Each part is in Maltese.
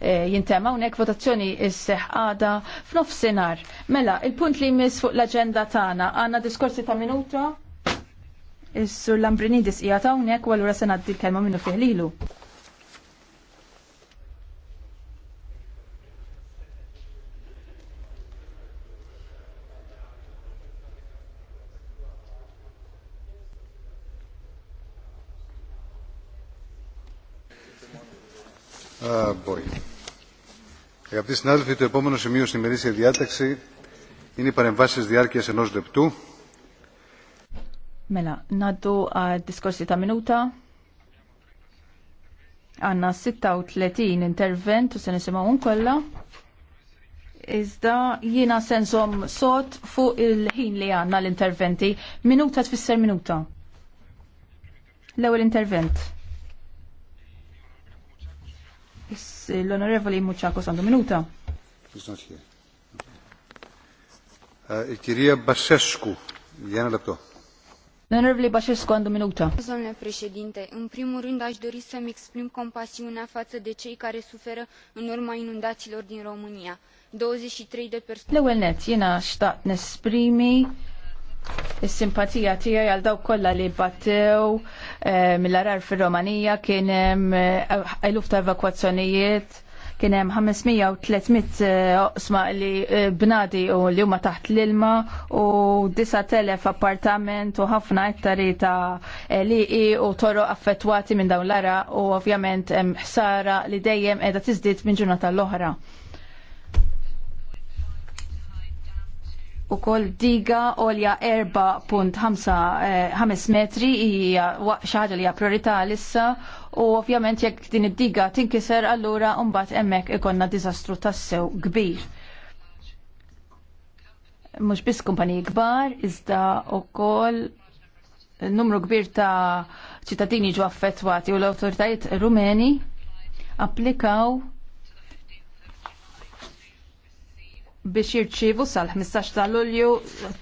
Eh, jintema hawnhekk votazzjoni isseħ għada f'nofsinhar. Mela, il-punt li jmiss fuq l-aġenda tagħna għandna diskorsi ta' minuta. Is-sur ambrinidis hija hawnhekk u allura se ngħaddi l-kelma minnu fiħlilu. lilu. Uh, boy. Mela, naddu għad diskorsi ta' minuta. Għanna 36 intervent u se nisimgħu kollha. Iżda jiena sensom sot fuq il-ħin li għandna l-interventi. Minuta tfisser minuta. L-ewwel intervent. L-Onorevoli Muċako sandu minuta. Uh, Il-kirija jena l L-Onorevoli Basescu minuta. Domnule președinte, în primul rând aș dori să-mi exprim compasiunea față de cei care suferă în urma inundațiilor din România. 23 de persoane. l jena xtaqt nesprimi is-simpatija tiegħi għal dawk kollha li battew eh, mill-arar fir-Romanija kien hemm eh, eluf ta' evakwazzjonijiet kien hemm 500 u 300 eh, oqsma li bnadi u li huma taħt l-ilma u 9000 appartament u ħafna ettari ta' liqi u toro affettwati minn dawn l-ara u ovvjament hemm ħsara li dejjem qiegħda tiżdied minn ġurnata l-oħra. u kol diga olja 4.5 eh, metri hija xaħġa li hija priorità lissa u ovvjament jekk din id-diga tinkiser allura mbagħad hemmhekk ikonna diżastru tassew kbir. Mhux biss kumpani kbar, iżda wkoll numru kbir ta' ċittadini ġu affettwati u l-awtoritajiet rumeni applikaw biex jirċivu sal-15 ta' Lulju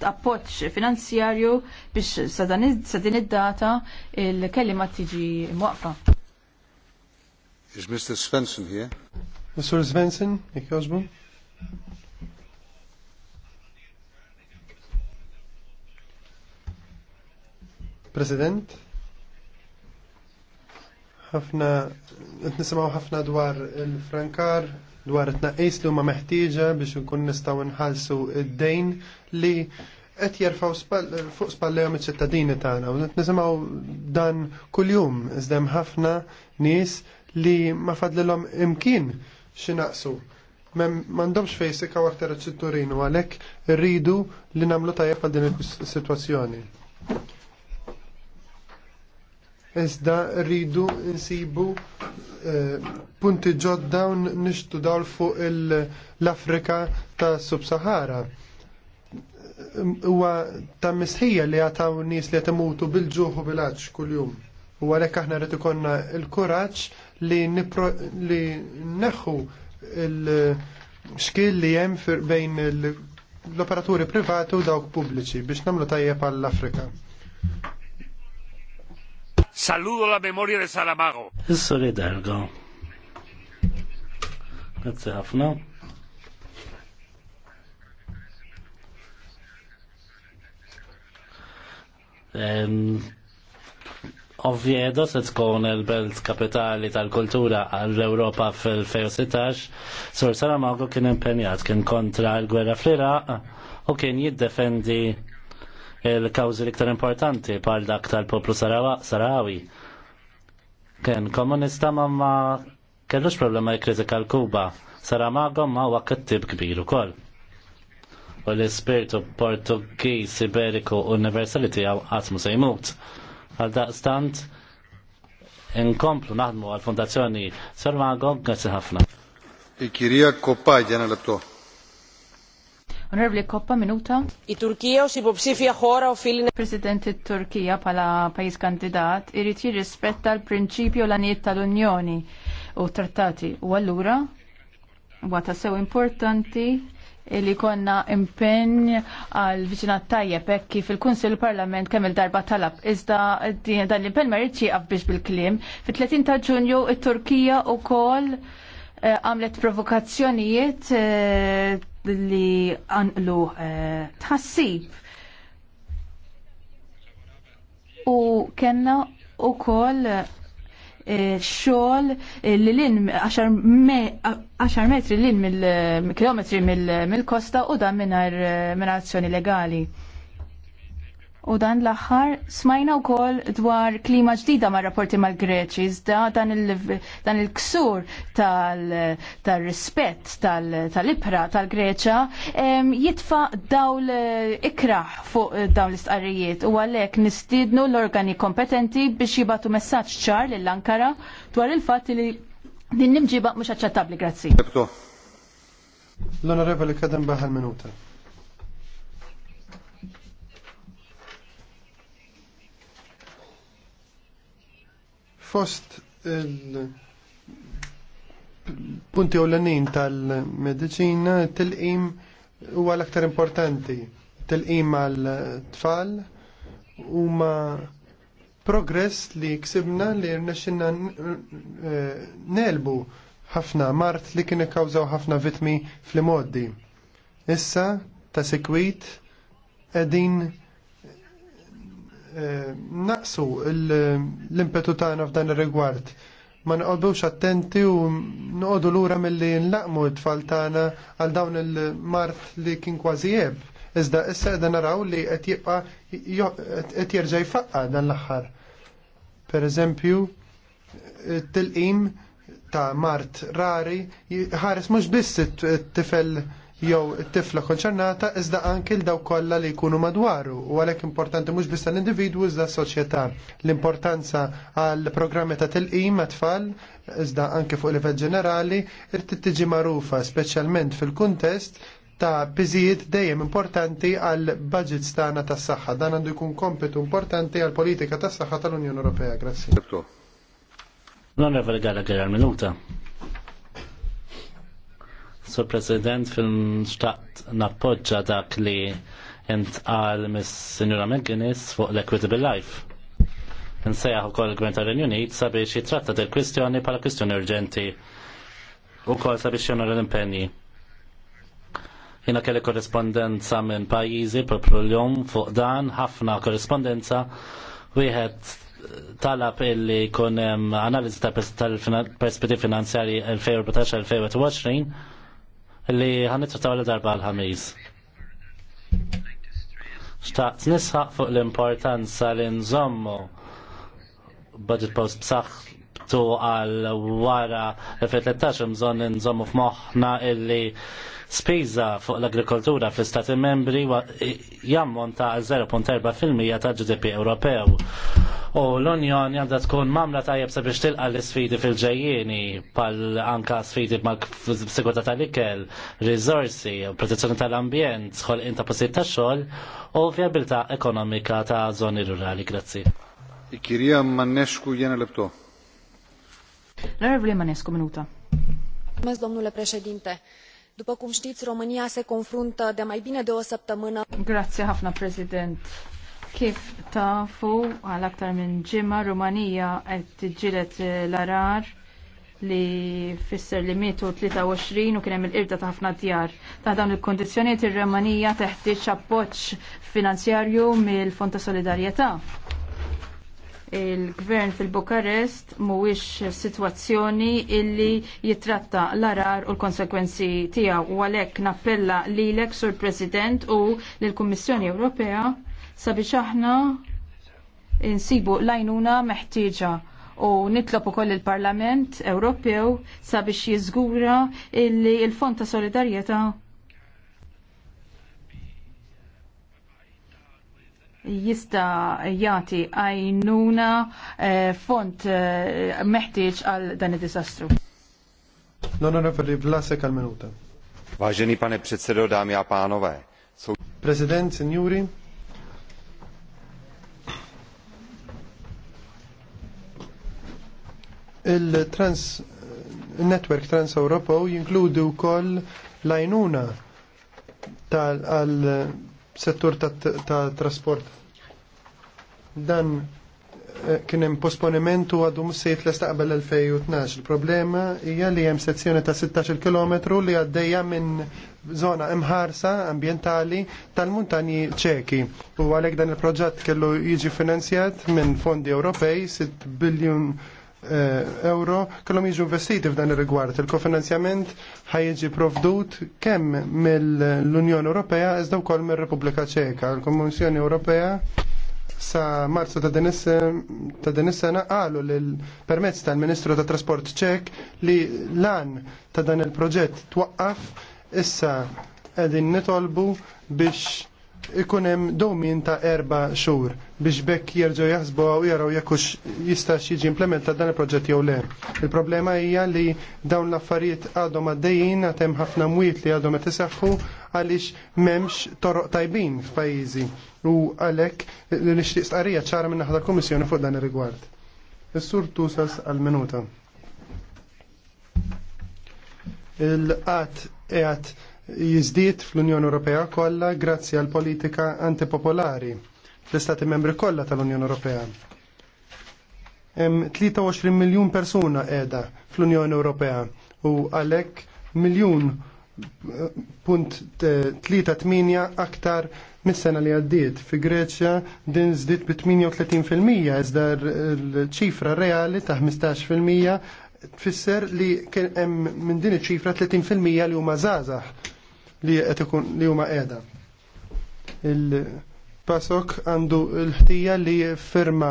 appoġġ finanzjarju biex sa din id-data il-kelima tiġi mwaqfa. Is Mr. Svensson here? Mr. Svensson, jek jożbu? President, ħafna, nisimaw ħafna dwar il-Frankar, dwar it-tnaqqis li huma meħtieġa biex nkun nistgħu nħallsu id-dejn li qed jerfgħu fuq spallejhom iċ-ċittadini tagħna nisimgħu dan kuljum iżda hemm ħafna nies li ma fadlilhom imkien xi naqsu M'għandhomx fejn sikaw aktar ċitturin u għalhekk rridu li nagħmlu tajjeb għal din is-sitwazzjoni iżda rridu nsibu eh, punti ġodda u nixtu dawl fuq l-Afrika ta' Sub-Sahara. Huwa ta' misħija li għataw nies li għatamutu bil-ġuħu bil-għadx kull-jum. U għalek aħna rrit ikonna il-kuraċ li, li neħu il-xkil li jem bejn l-operaturi privati u dawk pubbliċi biex namlu tajjeb għall-Afrika. Saludo la memoria de Saramago. Isso li dargo. Grazie ħafna. Ehm, ovvjedo se tkun il-belt kapitali tal-kultura għall-Europa fil-2016, Sor Saramago kien impenjat, kien kontra l-gwerra fl-Iraq u kien jiddefendi il-kawzi l-iktar importanti pal dak tal-poplu sarawi. Ken, komunista ma ma kellux problema jkritika l-Kuba. Saramagom ma huwa kittib kbir ukoll. U l-ispirtu Portugiż Iberiku Universality għaw għasmu sejmut. jmut. Għal daqstant, inkomplu naħdmu għal-Fondazzjoni Saramagom, grazzi ħafna. Il-kirija e Koppa ġena l Onorevoli Koppa, minuta. I Turkija u sibobsifja ħora u filin. President Turkija pala pajis kandidat irrit jirrispetta l-prinċipju l-anijiet tal-Unjoni u trattati. U għallura, għata sew importanti li konna impenn għal viċinat tajjeb hekk kif kunsil Parlament kemm il-darba talab. Iżda dan l-impenn ma rridx biex bil-kliem. Fit-30 ta' Ġunju it-Turkija wkoll Eh, għamlet provokazzjonijiet eh, li għanqlu eh, tħassib. U kena u koll xol li l-in 10 metri l-in mill-kilometri mill-kosta u da minna azzjoni legali. U dan l-aħħar smajna wkoll dwar klima ġdida ma' rapporti mal-Greċi, iżda dan il-ksur tal-rispett tal-ibra tal-Greċa jitfa dawl eh, ikraħ fuq eh, dawn l-istqarrijiet u għalhekk nistiednu l-organi kompetenti biex jibatu messaġġ ċar lill-Ankara dwar il-fatt li din nimġiba mhux aċċettabbli grazzi. L-Onorevoli Kadem baħal minuta. Fost il-punti ewlenin tal-medicina, tilqim huwa l-aktar importanti. Tilqim għal-tfal huma progress li ksibna li rnexxinna eh, nelbu ħafna mart li kien ikkawżaw ħafna vitmi fl moddi Issa ta' sekwit qegħdin Eh, naqsu l-impetu tagħna f'dan ir-rigward. Ma noqogħdux attenti u noqogħdu lura milli nlaqmu t-tfal tagħna għal dawn il-mart li kien kważi jeb. Iżda issa qed naraw li qed jibqa' qed jerġa' jfaqqa dan l-aħħar. Pereżempju, t-tilqim ta' mart rari ħares mhux biss it-tifel jew it-tifla konċernata iżda anki l daw kollha li jkunu madwaru u għalhekk importanti mhux biss tal individwu iżda s-soċjetà. L-importanza għal programmi ta' tilqim tfal iżda anke fuq livell ġenerali irtid tiġi magħrufa speċjalment fil-kuntest ta' piżijiet dejjem importanti għal budgets tagħna tas-saħħa. Dan għandu jkun kompetu importanti għal politika tas-saħħa tal-Unjoni Ewropea. Grazzi. Non għal minuta. So President, fil-mxtaqt nappoġġa dak li intqal mis Sinjura McGuinness fuq l-Equitable Life. Nsejjaħ ukoll il-Gvern tar-Renju Unit sabiex jitratta del kwistjoni bħala kwistjoni urġenti u kol sabiex jonora l-impenji. Jina kelli korrespondenza minn pajjiżi propru l-jum fuq dan, ħafna korrespondenza, wieħed talab illi kun analiz ta' perspettivi finanzjari 2014-2020 li ħanitrattaw li darba l-ħamiz. Xtaqt nisħaq fuq l-importanza li nżommu budget post b'saħħtu għal wara 2013 mżon nżommu f'moħħna illi spiża fuq l-agrikoltura fl-Istati membri jammonta 0.4% ta' GDP Ewropew. U l-Unjoni għandha tkun mamla tajjeb sabiex tilqa l-sfidi fil-ġejjieni pal anka sfidi mal sigurta tal-ikel, risorsi, protezzjoni tal-ambjent, ħolqien ta' posit ta' xogħol u vjabilità ekonomika ta' żoni rurali. Grazzi. Kirija Mannesku jena lebto. L-Onorevole Manescu, minuta. Mulțumesc, domnule președinte. După cum știți, România se confruntă de mai bine de o săptămână. Grazie ħafna, President. Kif tafu għal aktar minn ġimma Rumanija qed tiġġieled l-arar li fisser li mietu 23 u kien hemm il-qirda ta' ħafna djar. Ta' dawn il kundizzjonijiet ir-Rumanija teħtieġ appoġġ finanzjarju mill-Fond ta' Solidarjetà il-gvern fil-Bukarest mhuwiex sitwazzjoni illi jitratta l-arar u l-konsekwenzi tiegħu u għalhekk nappella lilek sur President u lill-Kummissjoni Ewropea sabiex aħna insibu lajnuna meħtieġa u nitlob ukoll il-Parlament Ewropew sabiex jiżgura illi il-Fond ta' Solidarjetà jista jati għajnuna eh, font eh, meħtieġ għal dan il disastru No, no, L-Onorevoli Vlasek għal minuta. Vaġeni pane predsedo dami a pánové. Prezident, signori, il-trans network trans Ewropew jinkludu kol lajnuna tal-għal settur ta' trasport. Dan eh, kien hemm posponiment u għadu msejt l-estaqbel 2012. Il-problema hija li hemm sezzjoni ta' 16 km li għaddejja minn zona imħarsa ambientali tal-muntanji ċeki. U għalhekk dan il-proġett kellu jiġi finanzjat minn fondi Ewropej 6 biljun Eh, euro kellhom jiġu investiti f'dan ir-rigward. Il-kofinanzjament ħajjiġi provdut kemm mill-Unjoni Ewropea iżda wkoll mir-Repubblika Ċeka. Il-Kommissjoni Ewropea sa marzu ta' din is-sena qalu lil permezz tal-Ministru tat Trasport Ċek li lan ta' dan il-proġett twaqqaf issa qegħdin nitolbu biex ikun hemm domin ta' erba' xhur biex bekk jerġgħu jaħsbu għaw jaraw jekk hux jista' jiġi implementa dan il-proġett jew le. Il-problema hija li dawn l-affarijiet għadhom għaddejjin għad hemm ħafna mwiet li għadhom qed isaħħu għaliex m'hemmx toroq tajbin f'pajjiżi u għalhekk li nixtieq stqarrija ċara minn naħda kummissjoni fuq dan ir-rigward. Is-sur tusas għal-minuta. Il-qatt għat jizdiet fl-Unjoni Ewropea kollha grazzi għal politika antipopolari fl-Istati membri kollha tal-Unjoni Ewropea. Hemm 23 miljun persuna qiegħda fl-Unjoni Ewropea u għalhekk miljun eh, punt 3 eh, tminja aktar mis-sena li għaddiet. Fi Greċja din żdiet bi 38% iżda l-ċifra reali ta' 15% tfisser li hemm minn din iċ-ċifra 30% li huma żgħażagħ li qed ikun li huma qiegħda. Il-Pasok għandu l-ħtija li firma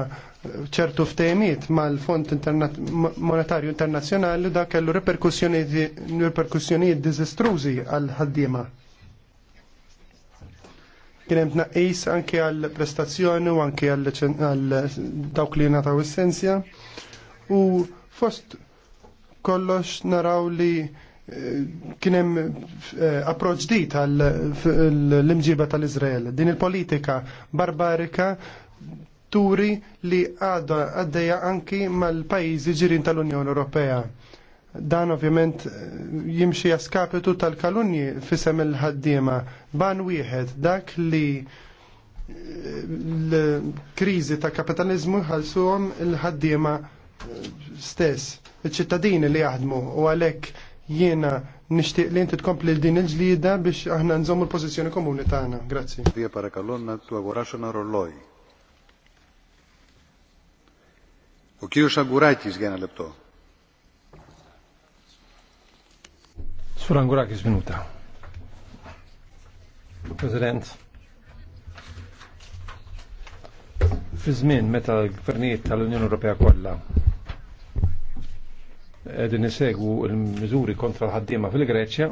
ċertu ftejmiet mal-Fond Monetarju Internazzjonali da kellu reperkussjonijiet diżastrużi għal ħaddiema. Kien hemm tnaqqis anke għall prestazzjoni u anke għal dawk li nataw essenzja. U fost kollox naraw li kienem eh, approċ di tal eh, imġiba tal-Izrael. Din il-politika barbarika turi li għaddeja anki mal-pajizi ġirin tal-Unjoni Ewropea. Dan ovvjament eh, jimxi jaskapitu tal-kalunji fisem il-ħaddiema. Ban wieħed dak li l-krizi ta' kapitalizmu ħalsuhom il-ħaddiema stess, il-ċittadini li jaħdmu u għalhekk Jiena nixtieq li inti tkompli l din il-ġlida biex aħna nżommu l-pożizzjoni komuni tagħna. Grazzi. Via parakallonna tu agoraxona rolloj. U kiju xagurajtis għena lebto. Surangurakis minuta. President, fi żmien meta l-gvernijiet tal-Unjoni Ewropea kollha din nisegu l-miżuri kontra l-ħaddiema fil-Greċja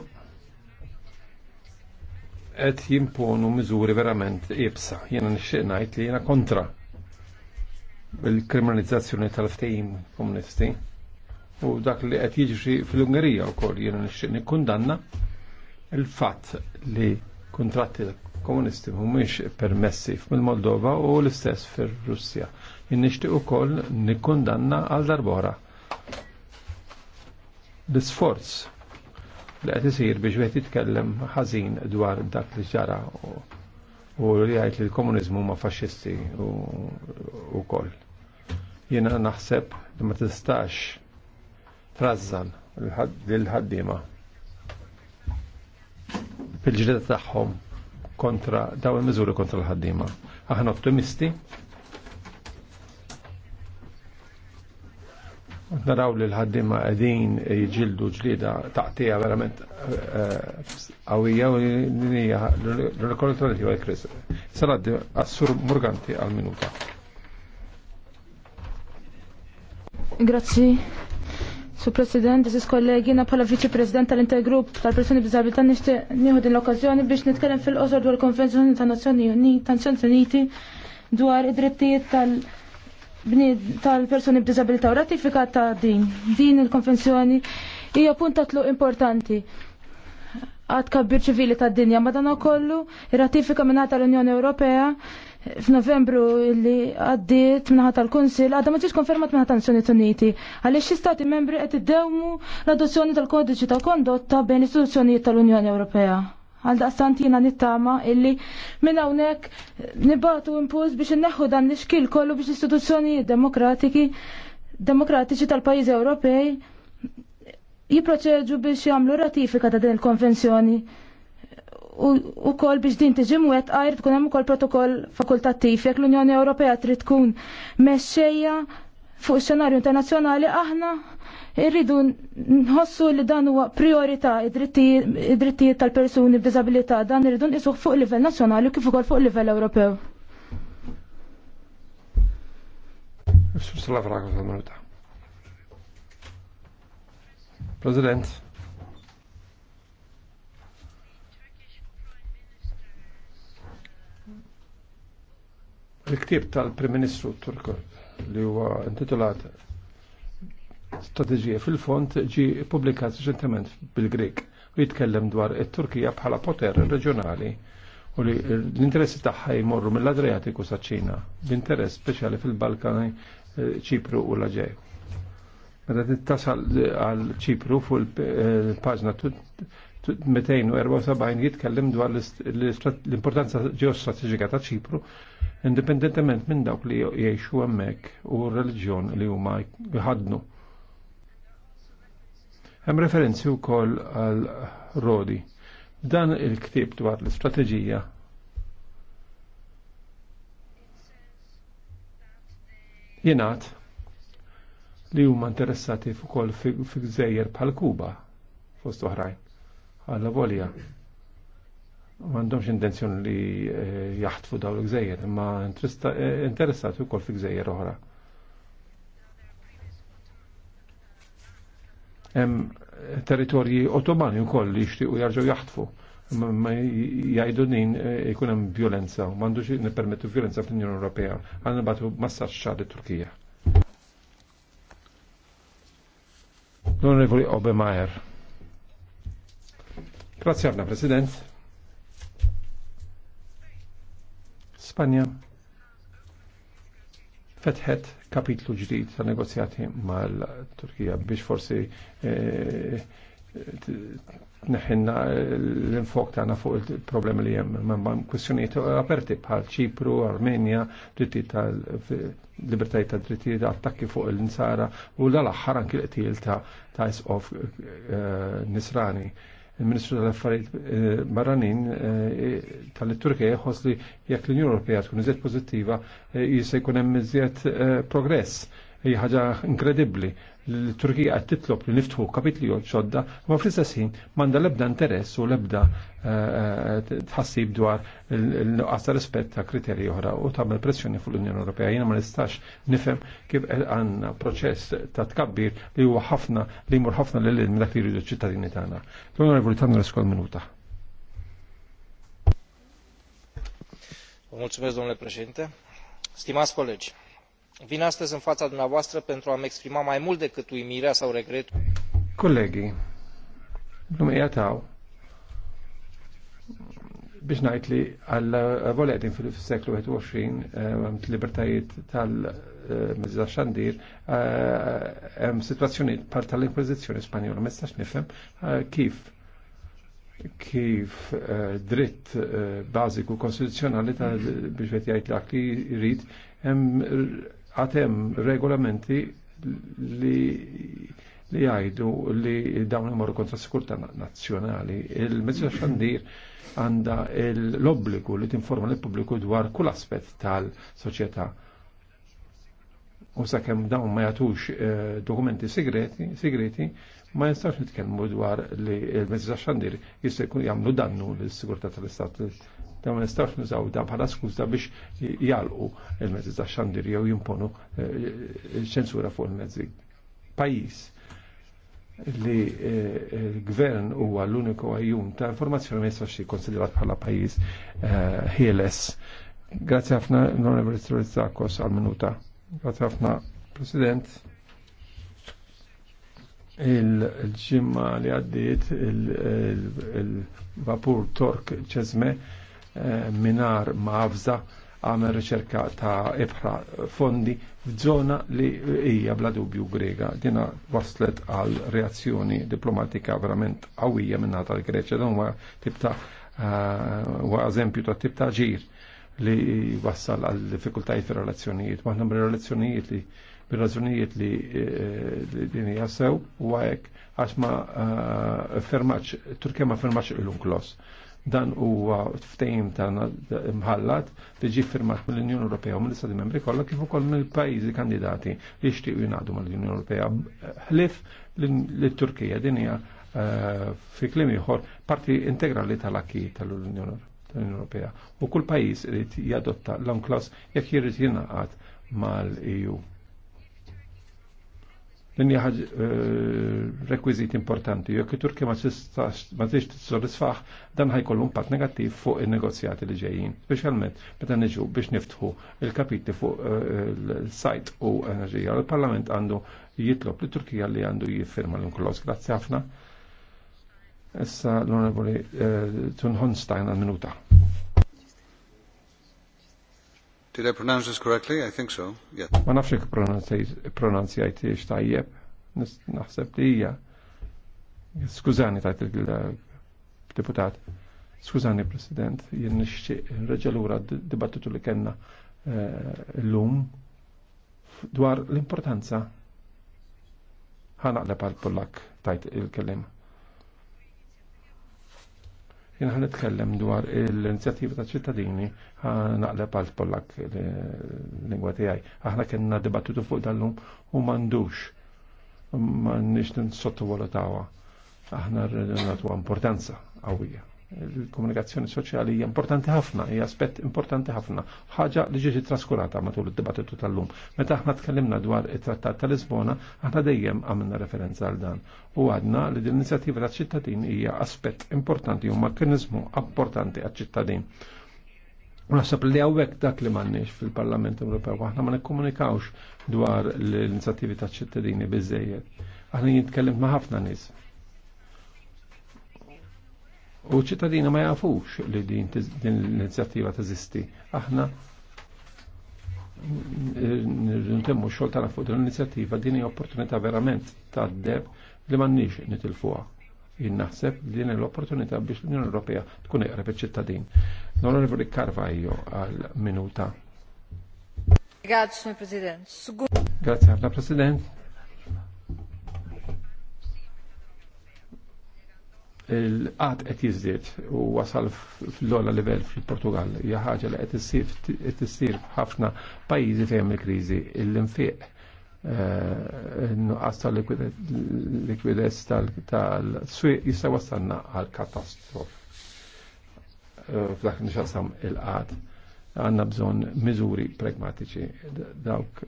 qed jimponu miżuri verament ibsa. Jiena nixtieq ngħid li jiena kontra bil kriminalizzazzjoni tal-ftehim komunisti u dak li qed jiġri fil-Ungerija wkoll jiena nixtieq nikkundanna il-fatt li kontratti komunisti mhumiex permessi fil-Moldova u l-istess fir-Russja. Jien nixtieq ukoll nikkundanna għal darbora l-sforz li għet jisir biex għet jitkellem ħazin dwar dak li ġara u li għajt li l komunizmu ma u koll. Jena naħseb li ma tistax trazzan l-ħaddima fil-ġlieda taħħom kontra daw il mizuri kontra l ħaddima Aħna optimisti, naraw li l-ħaddima għedin jġildu ġlida taqtija verament eh, għawija u l-nija l-rekollettorati għaj kris. Saladdi għassur murganti għal-minuta. Grazzi. Su President, Ziz kollegi, na pala Viċi President tal-Intergrupp tal-Persuni Bizabilità nixtieq nieħu din l-okkażjoni biex nitkellem fil-qosor dwar Konvenzjoni tan-Nazzjoni Uniti dwar id-drittijiet tal-, -tal, -tal, tal-persuni b'disabilità u ratifika ta' din, din il-konvenzjoni hija punta tlu tluq importanti għad kabbir ċivili ta' dinja madana kollu ratifika minna tal-Unjoni Ewropea f'Novembru li għaddiet minna tal-Kunsil għadda ma konfermat minna ta' nazzjoni Uniti għalix xi stati membri qed iddewmu l-adozzjoni tal-kodiċi ta' kondotta bejn istituzzjonijiet tal-Unjoni Ewropea. Għal jina nittama illi minn hawnhekk nibatu impuls biex inneħħu dan l iskil kollu biex istituzzjonijiet demokratiki demokratiċi tal-pajjiżi Ewropej jiproċeġu biex jagħmlu ratifika ta' din il-konvenzjoni u kol biex din tiġi mwet għajr tkun hemm ukoll protokoll fakultattiv jekk l-Unjoni Ewropea trid tkun mexxejja fuq xenarju internazzjonali aħna Irridu nħossu li dan huwa priorità id-drittijiet tal-persuni b'diżabilità dan irridu nqisuh fuq livell nazzjonali kif ukoll fuq livell Ewropew. President. Il-ktib tal-Prim Ministru Turku li huwa intitulat. Strategija fil font ġi publikat reċentement bil-Grek u jitkellem dwar it-Turkija bħala poter reġjonali u li l-interessi tagħha jmorru mill-Adriatiku sa' Ċina, l-interess speċjali fil-Balkani, eh, Ċipru u l-Aġej. Meta tittasal għal Ċipru fuq il-paġna eh, 274 jitkellem dwar l-importanza ġeostrateġika ta' ċipru, indipendentement minn dawk li jgħixu hemmhekk u r-reliġjon li huma jħadnu. Hemm referenzi wkoll għal Rodi. Dan il-ktib dwar l-istrateġija jenat li huma interessati wkoll fi gżejjer bħal Kuba fost oħrajn. Għal volja m'għandhomx intenzjoni li eh, jaħtfu dawn l-gżejjer, imma eh, interessati wkoll fi gżejjer oħra. territorji ottomani wkoll li jixtiequ jarġgħu jaħtfu ma jgħidu nin ikun e, hemm violenza u m'għandux nippermettu violenza fl-Unjoni Ewropea. Għandna nibgħatu massaġġ xar turkija L-Onorevoli Obemeyer. Grazie għafna, President. Spagna fetħet kapitlu ġdid ta' negozjati mal-Turkija biex forsi eh, neħinna l-infok tagħna fuq il-problemi li hemm ma' kwistjonijiet aperti bħal Ċipru, Armenja, dritti ta' libertajiet ta' dritti ta' attakki fuq il-insara u l-aħħar anki l-qtil ta' isqof eh, nisrani il-Ministru tal-Affarijiet eh, Barranin eh, tal-Turkija jħoss li jekk l-Unjoni Ewropea tkun iżjed pożittiva eh, jista' jkun hemm iżjed progress hija ħaġa inkredibbli l-Turkija għad titlob li niftħu kapitli ġodda, ma fl-istess ħin manda lebda interess u lebda eh, eh, tħassib dwar l-nuqqas rispett ta' kriterji oħra u tagħmel pressjoni fuq l-Unjoni Ewropea. Jiena ma nistax nifhem kif għandna proċess ta' tkabbir li huwa ħafna li jmur ħafna lil dak li jridu ċittadini tagħna. L-Onorevoli l iskol minuta. Mulțumesc, domnule președinte. Stimați colegi, vin astăzi în fața dumneavoastră pentru a mi exprima mai mult decât uimirea sau regretul. Colegi, lumea taw biex ngħid li għal eh, voledin fil-seklu 21 eh, libertajiet tal-mizza eh, xandir hemm situazzjoni par tal-Inkwiżizzjoni Spanjola ma nistax nifhem kif kif dritt bażiku konstituzzjonali biex qed jgħid li jrid hemm għatem regolamenti li li għajdu li dawn imorru kontra sikurta nazjonali. il mezzu xandir għanda l-obbligu li tinforma l-pubbliku dwar kull aspett tal-soċjetà. U sakemm dawn ma jagħtux eh, dokumenti segreti, segreti ma jistax nitkellmu dwar li l mezzu xandir jistgħu jkun jagħmlu dannu l-sigurtà tal-istat da ma nistax nużaw da bħala skuża biex jalqu il-mezzi ta' xandir jew jimponu ċensura fuq il-mezzi. Pajis li l-gvern huwa l-uniku għajjum ta' informazzjoni ma jistax jikkonsidrat bħala pajis ħieles. Grazie ħafna, l-Onorevoli Zakos għal-minuta. Grazie ħafna, President il-ġimma li għaddit il-vapur tork ċezme Eh, minar ma'avza għamel riċerka ta' ibħra fondi f'żona li hija bla dubju grega. Dina waslet għal reazzjoni diplomatika verament qawwija minna tal-Greċja. Dan huwa tip ta' eh, huwa eżempju ta' tip ta' ġir li wassal għal diffikultajiet fir-relazzjonijiet. Maħna bir-relazzjonijiet li bil razzjonijiet eh, li din hija sew u għajek għax ma fermax, Turkija ma fermax il-unklos. Dan huwa ftehim ta' mħallat li ġi firmat mill-Unjoni Ewropea u mill-Istati Membri kollha kif ukoll mill-pajjiżi kandidati li jixtiequ jingħadu mal-Unjoni Ewropea ħlif lit-Turkija din hija eh, fi kliem ieħor parti integrali tal-akki tal-Unjoni Ewropea. U kull pajjiż irid jadotta l-onklas jekk jirid jingħaqad mal-EU. L-inja ħaġ eh, rekwizit importanti, jekk Turkija ma t sodisfaħ, dan ħajkollu impatt negattiv fuq in-negozjati li ġejjin, speċjalment meta niġu biex niftħu il-kapitli fuq eh, il-sajt u enerġija. Il-Parlament għandu jitlob li Turkija li għandu jiffirma l-inklos. Grazzi ħafna. Issa l-Onorevoli eh, Tun Honstein għal minuta. Did I pronounce this correctly? I think so. Yeah. Ma nafx jekk pronunzjajt tajjeb. Naħseb li hija. Skużani tajt il-deputat. Skużani President, jien nixtieq reġalura d-dibattitu li kellna eh, llum dwar l-importanza ħanaqleb għal Pollak tajt il-kellim jina ħan itkellem dwar l inizjativa ta' ċittadini naqleb għal Pollak lingwa tiegħi. Aħna kellna dibattitu fuq dallum u m'għandux m'għandniex nissottovalutawha. Aħna rridu nagħtuha importanza qawwija il-komunikazzjoni soċjali hija importanti ħafna, hija aspett importanti ħafna, ħaġa li ġieġi traskurata matul id-dibattitu tal-lum. Meta aħna tkellimna dwar it-Trattat tal-Lisbona, aħna dejjem għamilna referenza għal dan. U għadna li din inizjattiva ta' ċittadin hija aspett importanti u makkinizmu importanti għal ċittadin. U naħseb li hawnhekk dak li m'għandniex fil-Parlament Ewropew, aħna ma nikkomunikawx dwar l-inizjattivi ta' ċittadini biżejjed. Aħna jitkellim ma' ħafna nies U ċittadini ma jafux li din l-inizjattiva teżisti. Aħna nintemmu xol tara fuq din l-inizjattiva din hija opportunità verament tad-deb li m'għandniex nix Jien naħseb li din l-opportunità biex l-Unjoni Ewropea tkun iqrab iċ-ċittadin. L-Onorevoli Carvajo għal minuta. Grazie, Presidente. Grazie, President il-qat qed jiżdied u wasal fl-ola livell fil-Portugal. Hija ħaġa li qed issir f'ħafna pajjiżi fejn il-kriżi. L-infiq eh, nuqqas tal-likwidez tal-swiq jista' wassalna għal katastrof. Eh, f'dak nixaqsam il-qat għandna bżonn miżuri pragmatiċi dawk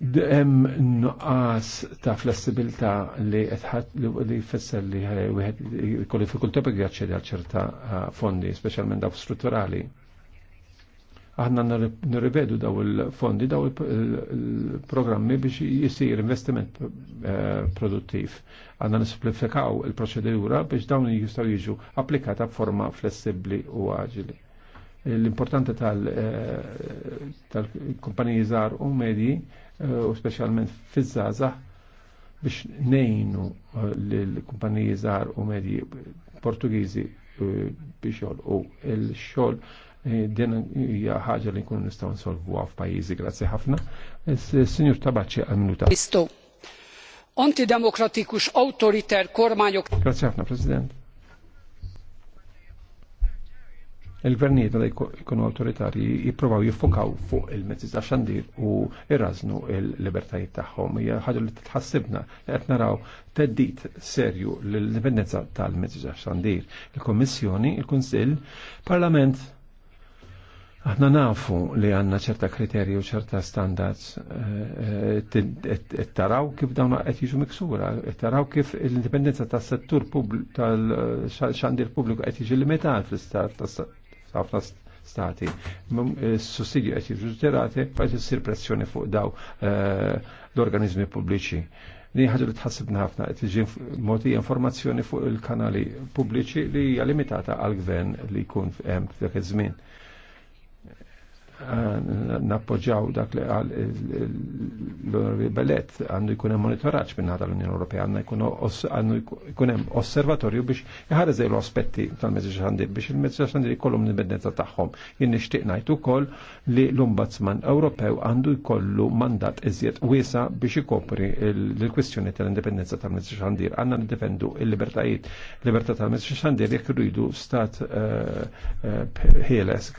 hemm nuqqas ta' flessibilità li li jfisser li wieħed jkollu diffikultà biex jaċċedi għal ċerta eh, fondi, speċjalment dawk strutturali. Aħna nirrivedu daw il-fondi, daw il-programmi biex jisir investiment eh, produttiv. Għanna nisplifikaw il-proċedura biex dawn jistaw jiġu applikata b'forma flessibli u għaġili L-importanti eh, tal-kumpaniji żgħar u medji eh, u speċjalment fiż-żgħażagħ biex nejnu eh, l-kumpaniji żgħar u medji Portugiżi biex jolqu l xogħol din hija ħaġa li nkunu nistgħu nsolvuha f'pajjiżi. Grazzi ħafna. Sinjur Tabaċċi għal minuta. Antidemokratikus autoriter kormányok. Grazie ħafna, President il-gvernijiet li jkunu autoritarji jipprovaw jiffokaw fuq il-mezzi ta' xandir u irraznu il-libertajiet tagħhom. Hija ħaġa li titħassibna li qed naraw teddit serju l-indipendenza tal-mezzi ta' xandir. Il-Kommissjoni, il-Kunsill, Parlament Aħna nafu li għanna ċerta kriterji u ċerta standards eh, eh, taraw kif dawna qed jiġu miksura, taraw kif l-indipendenza tas-settur tal-xandir eh, pubbliku qed jiġi limitat fl-istat ħafna stati. Eh, Sussidji qed jiġu ġerati qed issir pressjoni fuq daw eh, l-organizmi pubbliċi. Li ħaġa li tħassibna ħafna qed tiġi moti informazzjoni fuq il-kanali pubbliċi li hija limitata għall gvern li jkun hemm f'dak iż-żmien. Eh, nappoġġaw dak li għal l-Onorvi Belet għandu jkun hemm monitoraġġ minn ħadd l-Unjoni Ewropea għandna għandu jkun hemm osservatorju biex jħares l aspetti tal-Mezzi Xandir biex il-Mezzi Xandir jkollhom indipendenza tagħhom. Jien nixtieq ngħid ukoll li l-Ombudsman Ewropew għandu jkollu mandat iżjed wiesa biex ikopri l-kwistjoni tal-indipendenza tal-Mezzi Xandir. Għandna nindefendu l-libertajiet, libertà tal-Mezzi Xandir jekk rridu stat eh, eh, ħieles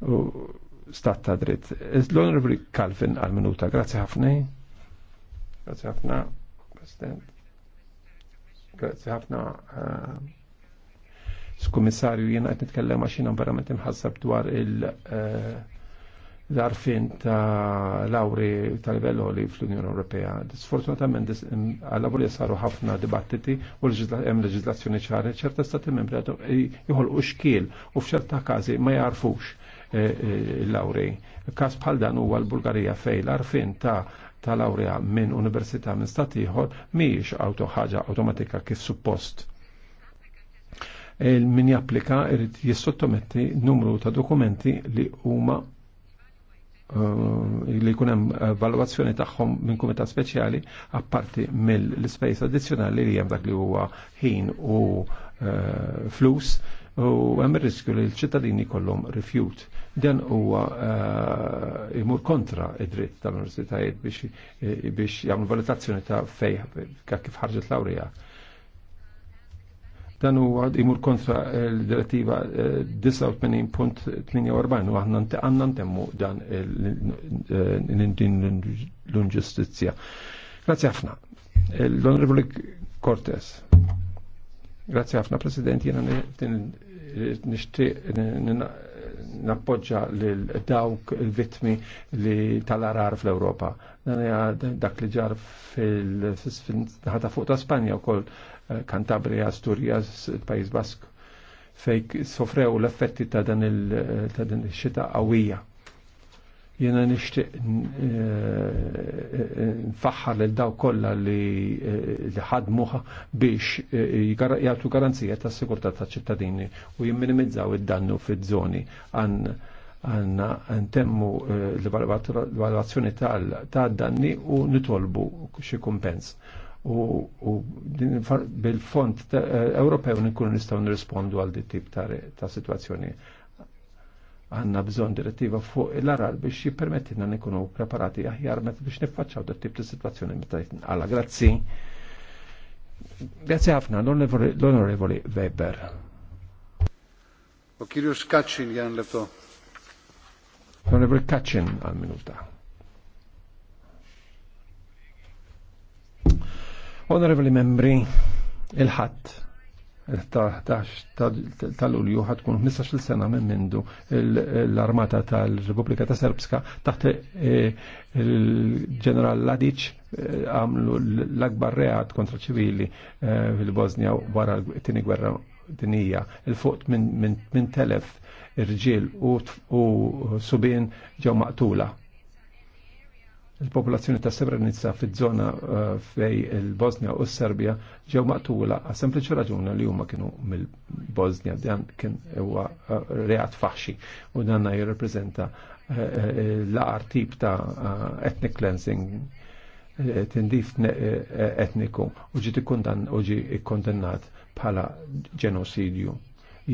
u stat ta' dritt. L-Honorable Calvin għal-minuta, grazie ħafna. Grazie ħafna, President. Grazie ħafna. Eh, s-Komissarju, jena għet nitkellem għax jena verament imħassab dwar il- eh, l-arfin ta' lawri ta' livello li fl-Unjoni Ewropea. Sfortunatament għal-lavur saru ħafna dibattiti u hemm leġislazzjoni ċara, ċerta stati membri jħol u xkiel u f'ċerta każi ma jarfux l-lawrej. Eh, eh, Kas bħal dan huwa l-Bulgarija fej l-arfin ta' ta' laurea minn università minn stat ieħor mhijiex auto ħaġa awtomatika kif suppost. Min japplika irid jissottometti numru ta' dokumenti li huma eh, li jkun hemm valwazzjoni tagħhom minn kumitat speċjali apparti mill-ispejs addizzjonali li hemm dak li huwa ħin u flus u hemm ir-riskju li l-ċittadini kollhom rifjut. Dan huwa eh, imur kontra id-dritt tal-universitajiet biex eh, biex jagħmlu valutazzjoni ta' fej kif ħarġet lawrija dan huwa imur kontra eh, l-direttiva 89.48 u aħna għandna ntemmu dan l-inġustizzja. Grazie ħafna. L-Onorevoli Cortes. Grazie ħafna, President, jena nishtiq nappoġġa lil dawk il-vitmi li tal-arar fl-Ewropa. Dak li ġar fil-ħata fuq ta' Spanja wkoll Kantabria, eh, Asturias, il-Pajjiż Bask fejk sofrew l-effetti ta' dan il-xita qawwija Jena nishtiq eh, eh, nfaxħar lil daw kollha eh, li ħadmuha biex jagħtu garanzija ta' sigurtà ta' ċittadini u jimminimizzaw id-dannu fiż-żoni għanna temmu l-valvazzjoni ta' danni u nitolbu xi kumpens u bil-fond Ewropew nkunu nistgħu nirrispondu għal dit tip ta' situazzjoni għanna bżon direttiva fuq il-laral biex jippermettina nikunu preparati aħjar met biex nifacċaw da tip ta' situazzjoni meta għalla Grazzi. Grazzi ħafna l-onorevoli Weber. U kirju skaċin għan lebto. L-onorevoli Kaċin għal minuta. Onorevoli membri, il ħat tal-Ulju ħatkun 15 sena minn mindu l-armata tal-Repubblika ta' Serbska taħt eh, il-ġeneral Ladic eh, għamlu l-akbar reat kontra ċivili eh, fil-Bosnia wara t-tini gwerra dinija. Il-fuq minn telef irġil u subin ġew maqtula il-popolazzjoni ta' Srebrenica fil-żona eh, fej il-Bosnia u s-Serbja ġew maqtula għal sempliċi raġuna li huma kienu mill-Bosnia dan kien huwa eh, reat faxxi u danna jirrepreżenta eh, l-aqar tip ta' ethnic cleansing tindif etniku u ġi tikkundan u ġi ikkondennat bħala ġenosidju.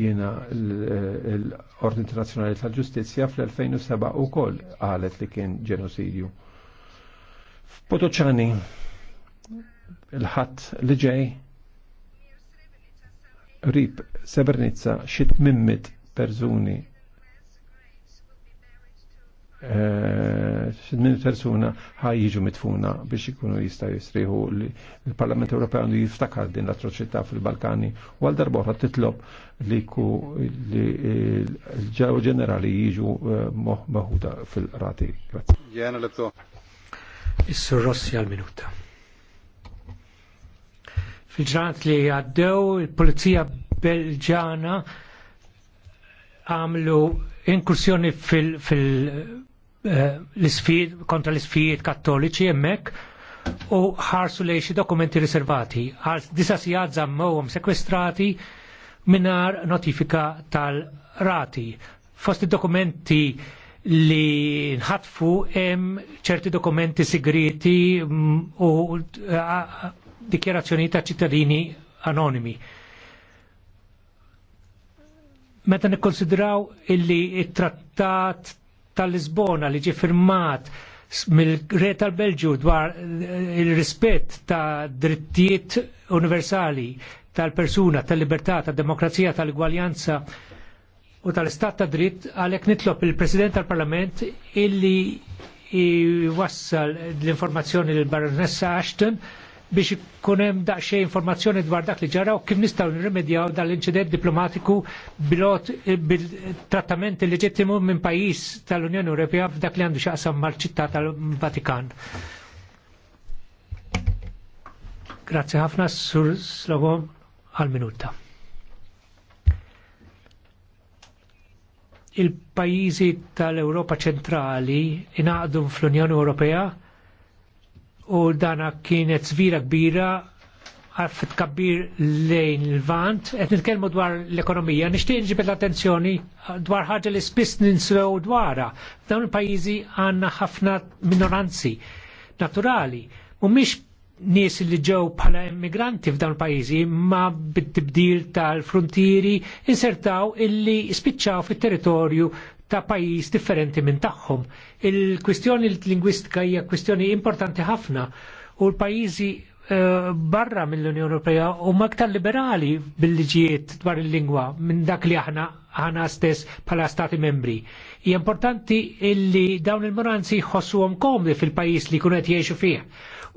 Jiena l-Ordin Internazzjonali tal-Ġustizzja fl-2007 u koll għalet li kien ġenosidju Potoċani, il-ħadd li ġej rib xit xi tmimmit persuni eh, mimmit persuna ħaj jiġu mitfuna biex ikunu jistaw jisriħu l-Parlament Ewropew għandu jiftakar din l-atroċità fil-Balkani u għal darbohra titlob li ku l-ġenerali jiġu eh, moħuda fil-rati. Grazie. Is-Sur Rossi għal-minuta. Fil-ġranat li għaddew il-Polizija Belġana għamlu inkursjoni fil-isfijiet eh, kontra l-isfijiet kattoliċi hemmhekk u ħarsu lejn xi dokumenti riservati. Għal disasijat zammowhom sekwestrati mingħajr notifika tal-rati. Fost il dokumenti li nħatfu hemm ċerti dokumenti segreti mm, u eh, dikjerazzjoni ta' ċittadini anonimi. Meta nikkonsidraw illi it-trattat tal-Lisbona li ġie firmat mill-Re tal-Belġu dwar eh, il-rispett ta' drittijiet universali tal-persuna, tal-libertà, tal-demokrazija, tal-igwaljanza, tal persuna tal libertà tal demokrazija tal igwaljanza tal demokrazija tal igwaljanza u tal-istat ta' dritt għalhekk nitlob il-President tal-Parlament illi jwassal l-informazzjoni l baronessa Ashton biex ikun hemm daqsxejn informazzjoni dwar dak li ġara u kif nistgħu nirrimedjaw dan l-inċident diplomatiku bilot bil-trattament illeġittimu minn pajjiż tal-Unjoni Ewropea f'dak li għandu x'aqsam mal-ċittà tal-Vatikan. Grazie ħafna, Sur Slavon, għal-minuta. il-pajjiżi tal-Ewropa ċentrali ingħaqdu fl-Unjoni Ewropea u dana kienet zvira kbira għaf tkabbir lejn il-vant, et nitkelmu dwar l-ekonomija, nishtiq nġibet l-attenzjoni dwar ħaġa li spiss ninsew dwara. Dawn il-pajizi għanna ħafna minoranzi naturali, u miex nies li ġew bħala immigranti f'dawn il-pajjiżi ma bit-tibdil tal-frontieri insertaw illi spiċċaw fit-territorju ta' pajjiż differenti minn tagħhom. Il-kwistjoni lingwistika hija kwistjoni importanti ħafna u l-pajjiżi eh, barra mill-Unjoni Ewropea huma aktar liberali bil-liġijiet dwar il-lingwa minn dak li aħna ħana stess bħala stati membri. Hija importanti illi dawn il-moranzi jħossuhom komdi fil-pajjiż li jkunu qed jgħixu fih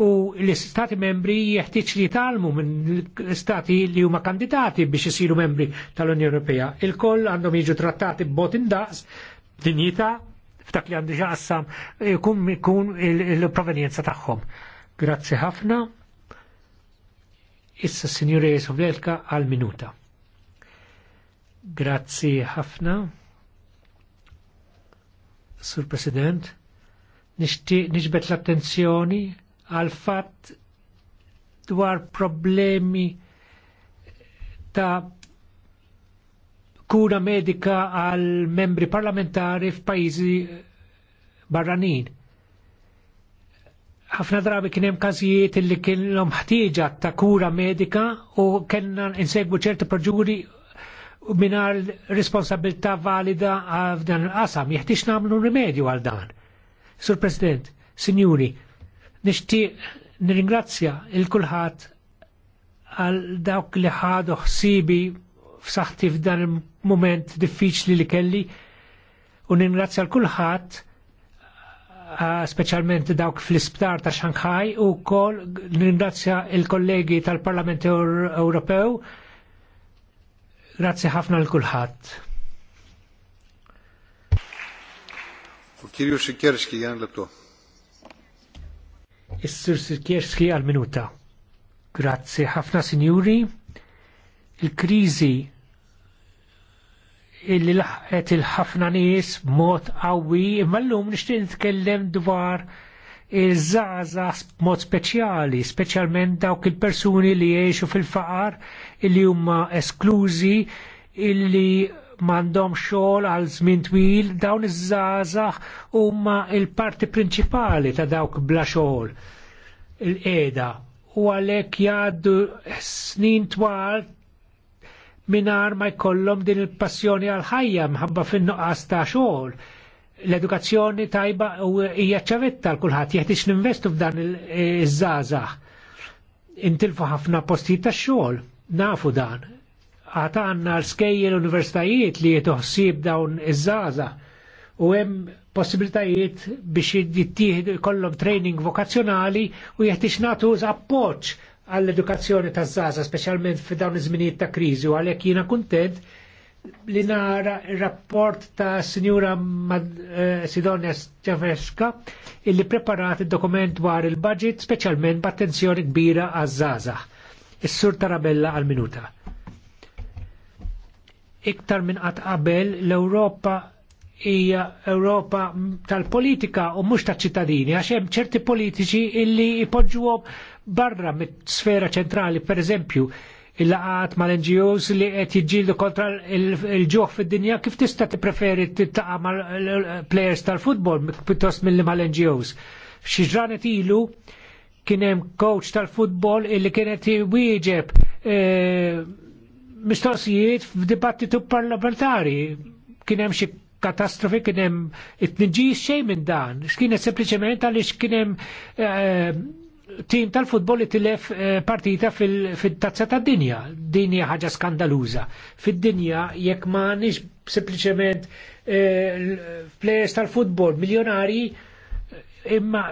u l-istati membri jeħtieġ li talmu minn l-istati li huma kandidati biex isiru membri tal-Unjoni Ewropea. Il-koll għandhom jiġu trattati b'bot indaqs, dinjità, f'dak li għandu ġaqsam kun il-provenienza tagħhom. Grazzi ħafna. Issa Signore Sovjelka għal minuta. Grazzi ħafna. Sur President, nixbet l-attenzjoni għal fatt dwar problemi ta' kura medika għal membri parlamentari f'pajjiżi barranin. ħafna drabi kien hemm każijiet li kienhom ħtieġa ta' kura medika u kellna insegwu ċerti proġuri minar responsabilità valida dan il-qasam. Jeħtiex nagħmlu rimedju għal dan. Sur President, Sinjuri, Nixtieq nirringrazzja il-kulħadd għal dawk li ħadu ħsibi f'saħħti f'dan il-moment diffiċli li kelli u ningrazzja l-kulħadd speċjalment dawk fl-isptar ta' Shanghai u kol ningrazzja il-kollegi tal-Parlament Ewropew Grazzi ħafna l-kulħadd. Kirju Sikerski, għan l Is-Sur Sikierski għal-minuta. Grazzi ħafna sinjuri. Il-kriżi illi laħqet il-ħafna nies mod qawwi imma llum nixtieq nitkellem dwar iż-żaża mod speċjali, speċjalment dawk il-persuni li jgħixu fil-faqar illi huma esklużi illi mandom xogħol għal żmien twil, dawn iż-żgħażagħ huma l-parti prinċipali ta' dawk bla xogħol il qiegħda u għalhekk jgħaddu snin twal minar ma jkollhom din il-passjoni għal ħajja mħabba fin-nuqqas ta' xogħol. L-edukazzjoni tajba u hija ċavetta għal kulħadd jeħtieġ ninvestu f'dan iż-żgħażagħ intilfu ħafna postijiet tax xogħol, nafu dan għata għanna l l universitajiet li jitoħsib dawn iż-żaza u hemm possibilitajiet biex jittieħdu kollom training vokazzjonali u jeħtiex nagħtu appoġġ għall-edukazzjoni taż-żaza, speċjalment f'dawn iż-żminijiet ta' kriżi u għalhekk jiena kuntent li nara rapport ta' Sinjura eh, Sidonia Ċafeska illi preparat il-dokument dwar il-budget specialment b'attenzjoni kbira għaż-żaza. Is-Sur Tarabella għal-minuta iktar minn qatt qabel l-Ewropa hija Ewropa tal-politika u mhux taċ-ċittadini għax hemm ċerti politiċi illi jpoġġuhom barra mit-sfera ċentrali, pereżempju, il-laqat mal-NGOs li qed jiġġieldu kontra l ġuħ fid-dinja kif tista' tippreferi tittaqa' mal-plejers tal-futbol pjuttost milli mal-NGOs. Xi ġranet ilu kien hemm coach tal-futbol illi kienet wieġeb eh, mistoqsijiet f'dibattitu parlamentari. Kienem hemm xi katastrofi, kienem it-tniġġis xej minn dan. X'kienet sempliciment għaliex kien eh, tim tal-futbol li tilef eh, partita fil-tazza fil tazza ta' dinja. dinja Din hija ħaġa skandaluża. Fid-dinja jekk m'għandix sempliċement uh, eh, plejers tal-futbol miljonari imma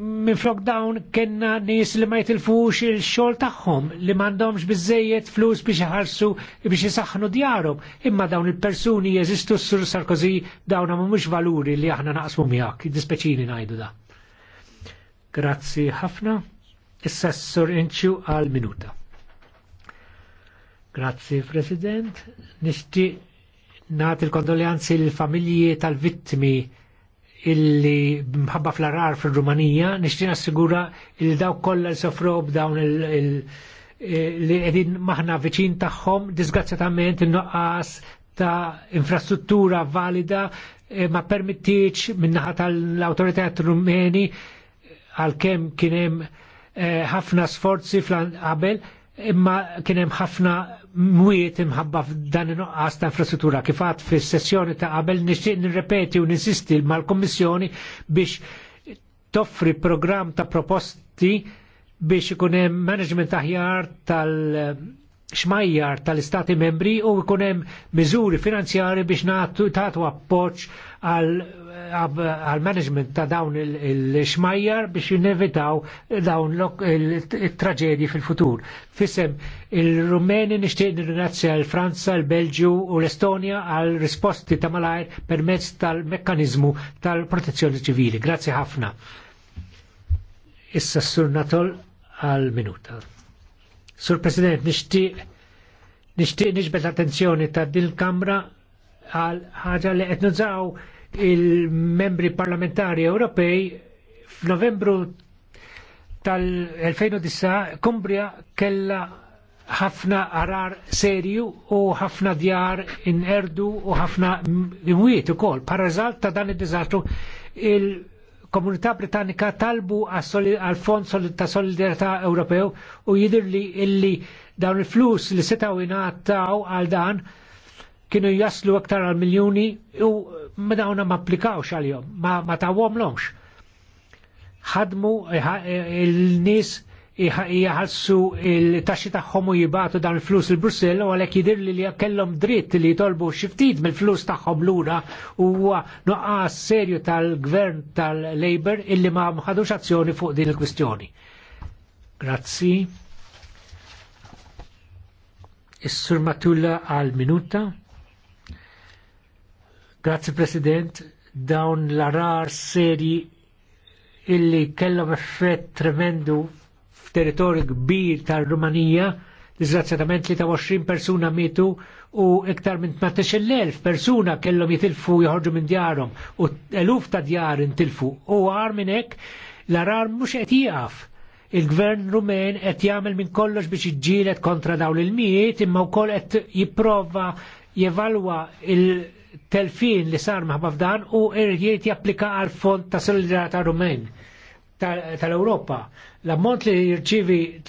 minflok dawn kena nis li ma jitilfux il-xol tagħhom li m'għandhomx bizzejiet flus biex iħarsu biex jisaxnu djarhom. Imma dawn il-persuni jeżistu s-sur Sarkozy ma mux valuri li aħna naqsmu miegħek, dispeċini ngħidu da. Grazzi ħafna. Issa inċu għal minuta. Grazzi President. Nishti nagħti l-kondoljanzi l-familji tal-vittmi illi mħabba fl-arar fil-Rumanija, nishtina sigura illi daw kollha l-sofrob dawn il- li edin maħna viċin taħħom disgazzatament il-noqqas ta' infrastruttura valida eh, ma permittiċ minnaħat tal-autoritet rumeni għal-kem kienem eh, ħafna sforzi fl-qabel imma kien hemm ħafna mwiet imħabba f'dan inqas nuqqas ta' infrastruttura kif għad fis-sessjoni ta' qabel nixtieq nirrepeti u ninsisti mal-Kummissjoni biex toffri programm ta' proposti biex ikun hemm management aħjar tal- xmajjar tal-istati membri u jkun hemm miżuri finanzjari biex nagħtu tagħtu appoġġ għal għal-management ta' dawn il-xmajjar biex jinnevitaw dawn il traġedji fil-futur. Fissem, il-Rumeni nishtiq nirringrazzja l-Franza, l-Belġu u l-Estonja għal risposti ta' malajr permezz tal-mekkanizmu tal-protezzjoni ċivili. Grazzi ħafna. Issa s-surnatol għal-minuta. Sur President, nishtiq nishtiq nixbet l-attenzjoni ta' din kamra għal ħaġa li qed nużaw il-membri parlamentari Ewropej f'Novembru tal-2009 Kumbria kella ħafna arar serju u ħafna djar erdu u ħafna imwiet ukoll. Parażalt ta' dan id-diżastru il-Komunità Britannika talbu għal fond ta' Solidarità Ewropew u jidir li illi dawn il-flus li setaw ingħataw għal dan kienu jaslu aktar għal miljoni u ma ma applikawx għal-jom, ma, ma tawom lomx. ħadmu e, il-nis jħalsu il-taxxi tagħhom u jibatu dan il-flus il brussell u għalhekk jidir li kellhom dritt li jitolbu xi ftit mill-flus tagħhom lura huwa nuqqas serju tal-gvern tal-Labor illi ma mħadux azzjoni fuq din il-kwistjoni. Grazzi. Is-Sur Matulla għal minuta. Grazzi President, dawn l-arar seri illi kellhom effett tremendu f'territorju kbir tar-Rumanija, disgrazzjatament 20 persuna mitu u iktar minn 12.000 persuna kellhom jitilfu jħorġu minn djarhom u eluf ta' djar intilfu u għar minn hekk l-arar mhux qed jieqaf il-gvern rumen qed jagħmel minn kollox biex iġġielet kontra dawn il-miet imma wkoll qed jipprova jevalwa il telfin li sar maħba f'dan u irjiet japplika għal fond ta' Solidarità rumen tal-Europa. L-ammont li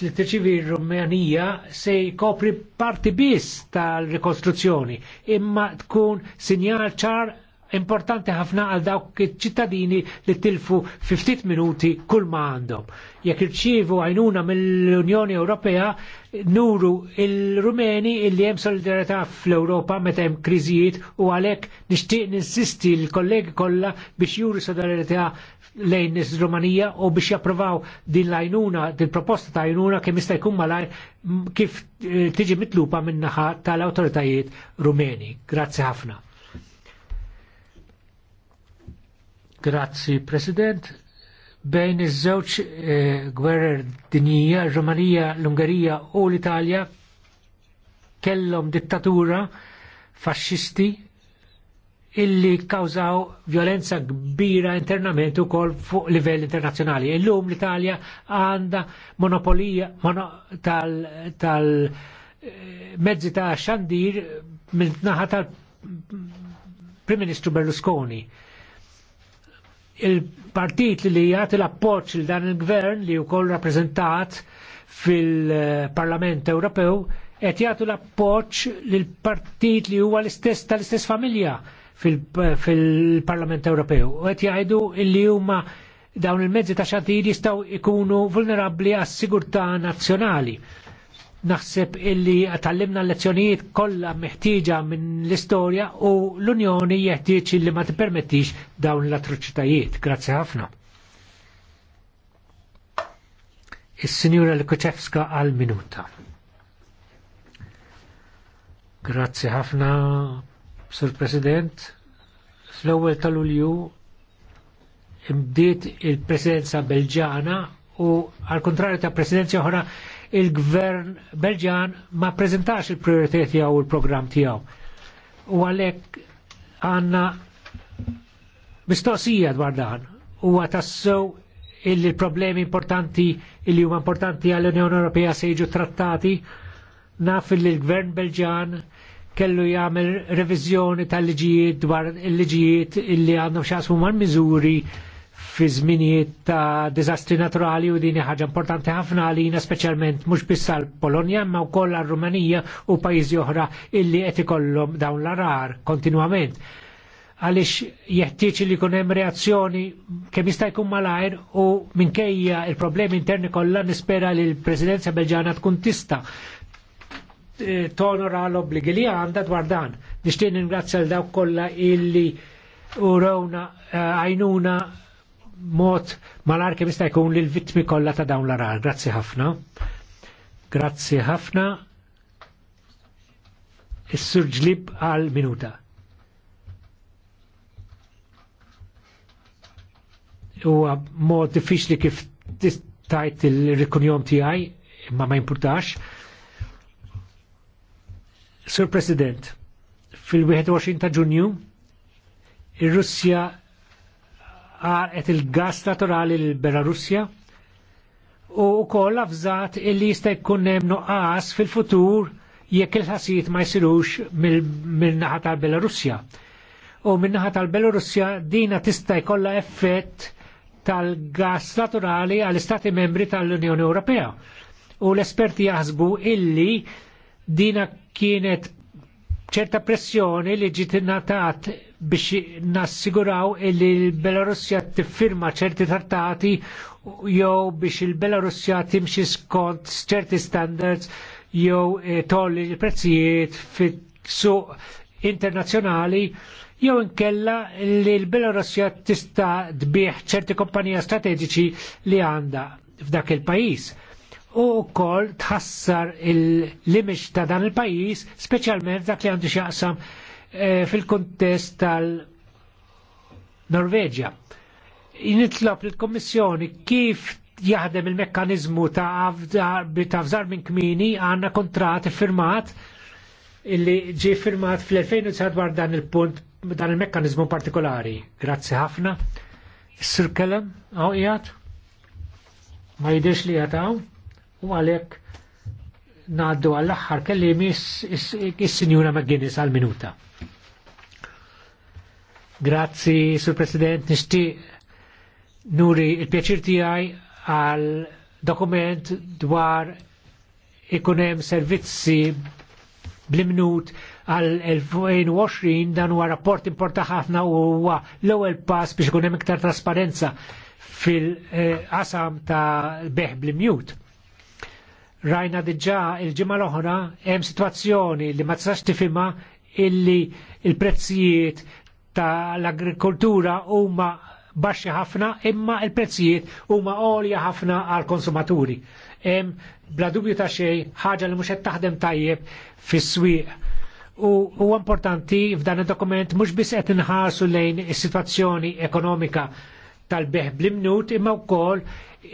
tirċivi Rumanija se jkopri parti biss tal rekostruzzjoni imma tkun sinjal ċar importanti ħafna għal dawk iċ-ċittadini li tilfu 50 minuti kull ma għandhom. Jekk irċievu għajnuna mill-Unjoni Ewropea, nuru il-Rumeni illi hemm solidarità fl-Ewropa meta hemm kriżijiet u għalhekk nixtieq ninsisti l-kollegi kollha biex juru solidarità lejn is-Rumanija u biex japprovaw din l-għajnuna, din proposta ta' għajnuna kemm jista' jkun malajr kif eh, tiġi mitlupa min-naħa tal-awtoritajiet Rumeni. Grazzi ħafna. Grazzi, President. Bejn iż-żewġ gwerra eh, gwerer dinjija, Rumanija, l-Ungerija u l-Italja kellhom dittatura faxxisti illi kkawżaw violenza kbira internament ukoll fuq livell internazzjonali. Illum l-Italja għandha monopolija mono, tal, tal eh, mezzi ta' xandir mill-naħa tal-Prim Ministru Berlusconi il-partit li jagħti l-appoġġ il dan il-gvern li wkoll rappreżentat fil-Parlament Ewropew qed jagħtu l-appoġġ l partit li huwa l-istess tal-istess familja fil-Parlament Ewropew. U qed jgħidu li huma dawn il-mezzi ta' xatir jistgħu jkunu vulnerabbli għas-sigurtà nazzjonali. Naħseb illi tallimna lezzjonijiet kollha meħtieġa minn l-istorja u l-Unjoni jeħtieġ illi ma tippermettix dawn l-atroċitajiet. Grazzi ħafna. Is-Sinjura Likuċevska għal minuta. Grazzi ħafna, Sur President. Fl-ewwel tal-Ulju imbdiet il-Presidenza Belġana u għal kontrarju ta' presidenza oħra il-gvern Belġan ma prezentax il-prioritet tiegħu u l-programm tiegħu. U għalhekk għandna mistoqsija dwar dan u tassew il-problemi importanti il huma importanti għall-Unjoni Ewropea se jiġu trattati naf li l-gvern Belġan kellu jagħmel reviżjoni tal-liġijiet dwar il-liġijiet illi għandhom xasmu mal-miżuri fi zminijiet ta' diżastri naturali u dini ħaġa importanti ħafna għalina speċjalment mhux biss għal Polonja ma wkoll għal Rumanija u pajjiżi oħra illi qed ikollhom dawn l-arar kontinwament għalix jeħtieġ li jkun hemm reazzjoni kemm jista' jkun malajr u minkejja il-problemi interni kollha nispera li l-Presidenza Belġana tkun tista tonora l-obbligi li għandha dwar dan. Nixtieq ningrazzja l dawk kollha illi urawna eh, għajnuna mod mal kemm jista' jkun li l vittmi kollha ta' dawn l-arar. Grazzi ħafna. Grazzi ħafna. Is-sur ġlib għal minuta. U mod diffiċli kif tajt il-rikunjom tiegħi, imma ma jimpurtax. Sur President, fil-21 ta' Ġunju, il russja għaqet il-gas naturali l-Belarusja u wkoll avżat illi jista' jkun hemm nuqqas fil-futur jekk il-ħasijiet ma jsirux min-naħa tal-Belarusja. U minnaħat naħa tal-Belarusja dina tista' kolla effett tal-gas naturali għall-Istati membri tal-Unjoni Ewropea. U l-esperti jaħsbu illi dina kienet ċerta pressjoni li ġiet natat biex nassiguraw illi l-Belarusja tiffirma ċerti trattati jew biex il-Belarusja timxi skont ċerti standards jew eh, tolli l-prezzijiet fit-suq internazzjonali jew inkella li l-Belarusja tista' tbieħ ċerti kompanija strateġiċi li għandha f'dak il-pajjiż u wkoll tħassar l limix ta' dan il-pajjiż, speċjalment dak li għandu x'jaqsam fil-kontest tal-Norveġja. Nitlob l-Kommissjoni kif jaħdem il-mekkanizmu ta' avżar minn kmini għanna kontrat firmat illi ġi firmat fl-2009 dwar dan il-punt dan il-mekkanizmu partikolari. Grazzi ħafna. Sir Kellem, għaw jgħat? Ma jidirx li jgħataw? U għalek naddu għall-axħar kelli mis is-sinjura McGinnis għal-minuta. Grazzi, Sur President, nishti nuri il-pjaċir tijaj għal dokument dwar ikunem servizzi bl għal 2020 dan huwa rapport importa ħafna u huwa l-ewwel pass biex ikun hemm iktar trasparenza fil-qasam ta' beħ bl Rajna diġà il-ġimgħa l-oħra hemm sitwazzjoni li ma tistax tifhimha illi il-prezzijiet Ta' l agrikoltura huma baxxi ħafna imma l-prezzijiet huma għolja ħafna għal konsumaturi. Hemm bla dubju ta' xejn ħaġa li mhux qed taħdem tajjeb fis-swieq. U huwa importanti f'dan id-dokument mhux biss qed inħarsu lejn is-sitwazzjoni ekonomika tal-beħ bl-imnut imma wkoll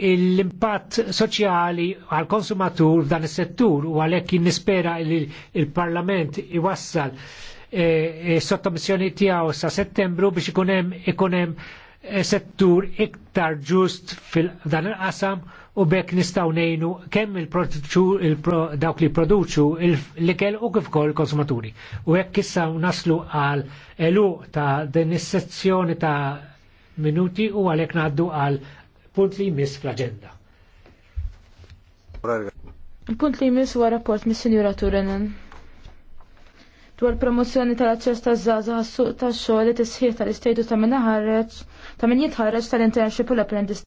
l-impatt soċjali għal konsumatur f'dan is-settur u għalhekk nispera li l-Parlament iwassal E, e, sottomissjoni tiegħu sa settembru biex ikun hemm ikun hemm e, settur iktar ġust fil-dan il-qasam u bekk nistgħu ngħinu kemm dawk li produċu l-ikel u kif kol konsumaturi. U hekk issa naslu għal elu ta' din is-sezzjoni ta' minuti u għalhekk ngħaddu għal punt li jmiss fl-aġenda. Il-punt li jmiss huwa rapport mis-Sinjura Turenen dwar promozzjoni tal-aċċess taż-żgħażagħ għas-suq tax-xogħol li tisħiħ tal-istejtu ta' min ħareġ ta' min jitħarreġ tal-internship u l-apprentice